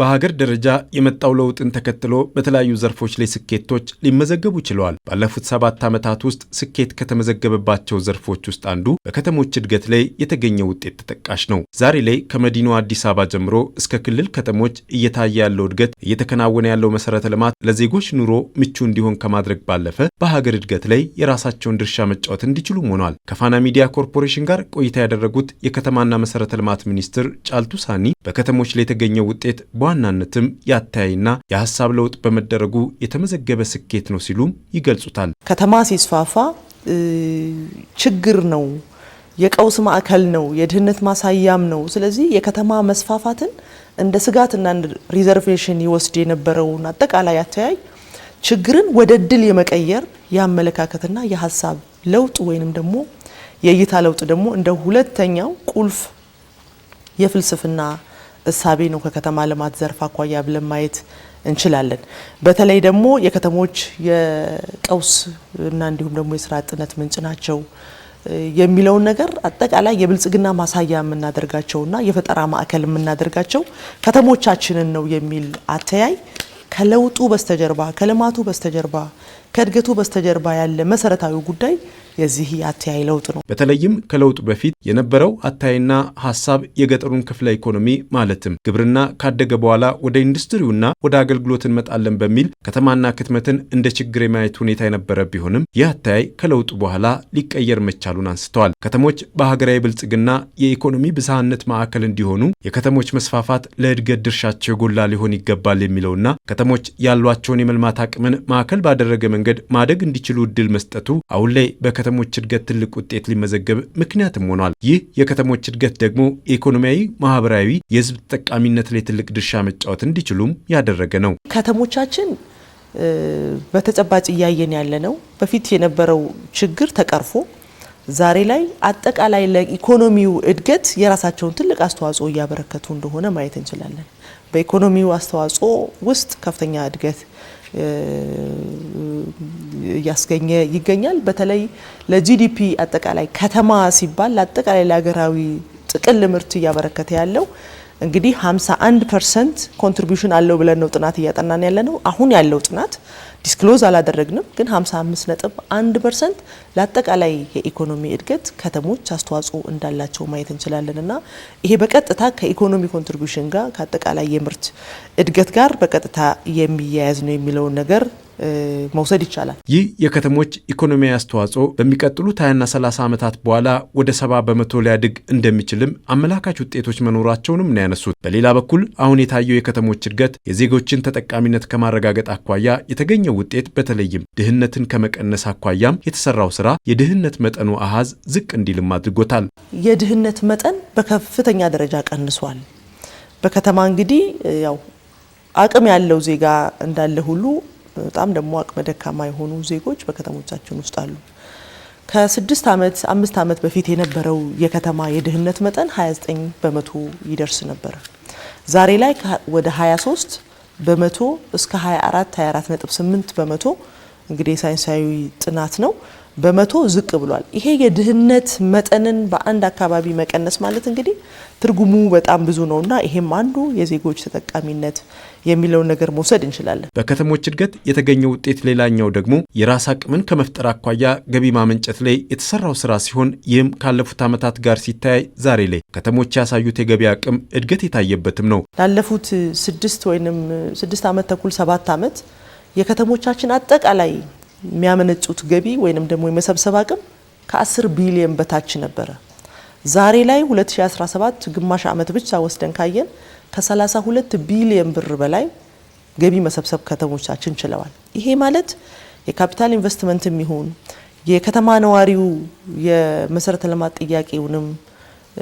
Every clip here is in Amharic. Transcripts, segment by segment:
በሀገር ደረጃ የመጣው ለውጥን ተከትሎ በተለያዩ ዘርፎች ላይ ስኬቶች ሊመዘገቡ ችለዋል። ባለፉት ሰባት ዓመታት ውስጥ ስኬት ከተመዘገበባቸው ዘርፎች ውስጥ አንዱ በከተሞች እድገት ላይ የተገኘ ውጤት ተጠቃሽ ነው። ዛሬ ላይ ከመዲናዋ አዲስ አበባ ጀምሮ እስከ ክልል ከተሞች እየታየ ያለው እድገት፣ እየተከናወነ ያለው መሰረተ ልማት ለዜጎች ኑሮ ምቹ እንዲሆን ከማድረግ ባለፈ በሀገር እድገት ላይ የራሳቸውን ድርሻ መጫወት እንዲችሉም ሆኗል። ከፋና ሚዲያ ኮርፖሬሽን ጋር ቆይታ ያደረጉት የከተማና መሰረተ ልማት ሚኒስትር ጫልቱ ሳኒ በከተሞች ላይ የተገኘው ውጤት በዋናነትም የአተያይና የሀሳብ ለውጥ በመደረጉ የተመዘገበ ስኬት ነው ሲሉም ይገልጹታል። ከተማ ሲስፋፋ ችግር ነው፣ የቀውስ ማዕከል ነው፣ የድህነት ማሳያም ነው። ስለዚህ የከተማ መስፋፋትን እንደ ስጋትና ሪዘርቬሽን ይወስድ የነበረውን አጠቃላይ አተያይ ችግርን ወደ ድል የመቀየር የአመለካከትና የሀሳብ ለውጥ ወይንም ደግሞ የእይታ ለውጥ ደግሞ እንደ ሁለተኛው ቁልፍ የፍልስፍና እሳቤ ነው ከከተማ ልማት ዘርፍ አኳያ ብለን ማየት እንችላለን። በተለይ ደግሞ የከተሞች የቀውስ እና እንዲሁም ደግሞ የስራ አጥነት ምንጭ ናቸው የሚለውን ነገር አጠቃላይ የብልጽግና ማሳያ የምናደርጋቸውና የፈጠራ ማዕከል የምናደርጋቸው ከተሞቻችንን ነው የሚል አተያይ ከለውጡ በስተጀርባ ከልማቱ በስተጀርባ ከእድገቱ በስተጀርባ ያለ መሰረታዊ ጉዳይ የዚህ የአተያይ ለውጥ ነው። በተለይም ከለውጡ በፊት የነበረው አተያይና ሀሳብ የገጠሩን ክፍለ ኢኮኖሚ ማለትም ግብርና ካደገ በኋላ ወደ ኢንዱስትሪውና ወደ አገልግሎት እንመጣለን በሚል ከተማና ክትመትን እንደ ችግር የማየት ሁኔታ የነበረ ቢሆንም ይህ አተያይ ከለውጡ በኋላ ሊቀየር መቻሉን አንስተዋል። ከተሞች በሀገራዊ ብልጽግና የኢኮኖሚ ብዝሃነት ማዕከል እንዲሆኑ የከተሞች መስፋፋት ለእድገት ድርሻቸው የጎላ ሊሆን ይገባል የሚለውና ከተሞች ያሏቸውን የመልማት አቅምን ማዕከል ባደረገ መንገድ ማደግ እንዲችሉ እድል መስጠቱ አሁን ላይ በከተሞች እድገት ትልቅ ውጤት ሊመዘገብ ምክንያትም ሆኗል። ይህ የከተሞች እድገት ደግሞ ኢኮኖሚያዊ፣ ማህበራዊ፣ የህዝብ ተጠቃሚነት ላይ ትልቅ ድርሻ መጫወት እንዲችሉም ያደረገ ነው። ከተሞቻችን በተጨባጭ እያየን ያለ ነው። በፊት የነበረው ችግር ተቀርፎ ዛሬ ላይ አጠቃላይ ለኢኮኖሚው እድገት የራሳቸውን ትልቅ አስተዋጽኦ እያበረከቱ እንደሆነ ማየት እንችላለን። በኢኮኖሚው አስተዋጽኦ ውስጥ ከፍተኛ እድገት እያስገኘ ይገኛል። በተለይ ለጂዲፒ አጠቃላይ ከተማ ሲባል ለአጠቃላይ ለሀገራዊ ጥቅል ምርት እያበረከተ ያለው እንግዲህ 51 ፐርሰንት ኮንትሪቢሽን አለው ብለን ነው ጥናት እያጠናን ያለ ነው። አሁን ያለው ጥናት ዲስክሎዝ አላደረግንም፣ ግን 55 ነጥብ 1 ፐርሰንት ለአጠቃላይ የኢኮኖሚ እድገት ከተሞች አስተዋጽኦ እንዳላቸው ማየት እንችላለን እና ይሄ በቀጥታ ከኢኮኖሚ ኮንትሪቢሽን ጋር ከአጠቃላይ የምርት እድገት ጋር በቀጥታ የሚያያዝ ነው የሚለውን ነገር መውሰድ ይቻላል። ይህ የከተሞች ኢኮኖሚ አስተዋጽኦ በሚቀጥሉት 20ና 30 ዓመታት በኋላ ወደ 70 በመቶ ሊያድግ እንደሚችልም አመላካች ውጤቶች መኖራቸውንም ነው ያነሱት። በሌላ በኩል አሁን የታየው የከተሞች እድገት የዜጎችን ተጠቃሚነት ከማረጋገጥ አኳያ የተገኘው ውጤት በተለይም ድህነትን ከመቀነስ አኳያም የተሰራው ስራ የድህነት መጠኑ አሃዝ ዝቅ እንዲልም አድርጎታል። የድህነት መጠን በከፍተኛ ደረጃ ቀንሷል። በከተማ እንግዲህ ያው አቅም ያለው ዜጋ እንዳለ ሁሉ በጣም ደግሞ አቅመ ደካማ የሆኑ ዜጎች በከተሞቻችን ውስጥ አሉ። ከስድስት ዓመት አምስት ዓመት በፊት የነበረው የከተማ የድህነት መጠን 29 በመቶ ይደርስ ነበረ። ዛሬ ላይ ወደ 23 በመቶ እስከ 24 24.8 በመቶ እንግዲህ የሳይንሳዊ ጥናት ነው በመቶ ዝቅ ብሏል። ይሄ የድህነት መጠንን በአንድ አካባቢ መቀነስ ማለት እንግዲህ ትርጉሙ በጣም ብዙ ነው እና ይሄም አንዱ የዜጎች ተጠቃሚነት የሚለውን ነገር መውሰድ እንችላለን። በከተሞች እድገት የተገኘው ውጤት ሌላኛው ደግሞ የራስ አቅምን ከመፍጠር አኳያ ገቢ ማመንጨት ላይ የተሰራው ስራ ሲሆን ይህም ካለፉት ዓመታት ጋር ሲታይ ዛሬ ላይ ከተሞች ያሳዩት የገቢ አቅም እድገት የታየበትም ነው። ላለፉት ስድስት ወይም ስድስት ዓመት ተኩል ሰባት ዓመት የከተሞቻችን አጠቃላይ የሚያመነጩት ገቢ ወይንም ደግሞ የመሰብሰብ አቅም ከ10 ቢሊዮን በታች ነበረ። ዛሬ ላይ 2017 ግማሽ ዓመት ብቻ ወስደን ካየን ከ32 ቢሊየን ብር በላይ ገቢ መሰብሰብ ከተሞቻችን ችለዋል። ይሄ ማለት የካፒታል ኢንቨስትመንት የሚሆን የከተማ ነዋሪው የመሰረተ ልማት ጥያቄውንም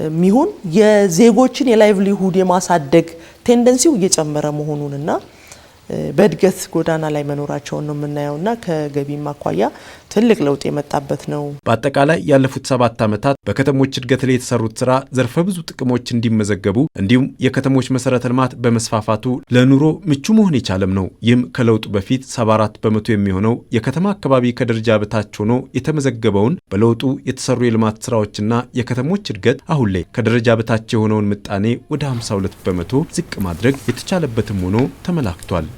የሚሆን የዜጎችን የላይቭሊሁድ የማሳደግ ቴንደንሲው እየጨመረ መሆኑንና በእድገት ጎዳና ላይ መኖራቸውን ነው የምናየውና ከገቢም አኳያ ትልቅ ለውጥ የመጣበት ነው። በአጠቃላይ ያለፉት ሰባት ዓመታት በከተሞች እድገት ላይ የተሰሩት ስራ ዘርፈ ብዙ ጥቅሞች እንዲመዘገቡ እንዲሁም የከተሞች መሰረተ ልማት በመስፋፋቱ ለኑሮ ምቹ መሆን የቻለም ነው። ይህም ከለውጡ በፊት 74 በመቶ የሚሆነው የከተማ አካባቢ ከደረጃ በታች ሆኖ የተመዘገበውን በለውጡ የተሰሩ የልማት ስራዎችና የከተሞች እድገት አሁን ላይ ከደረጃ በታች የሆነውን ምጣኔ ወደ 52 በመቶ ዝቅ ማድረግ የተቻለበትም ሆኖ ተመላክቷል።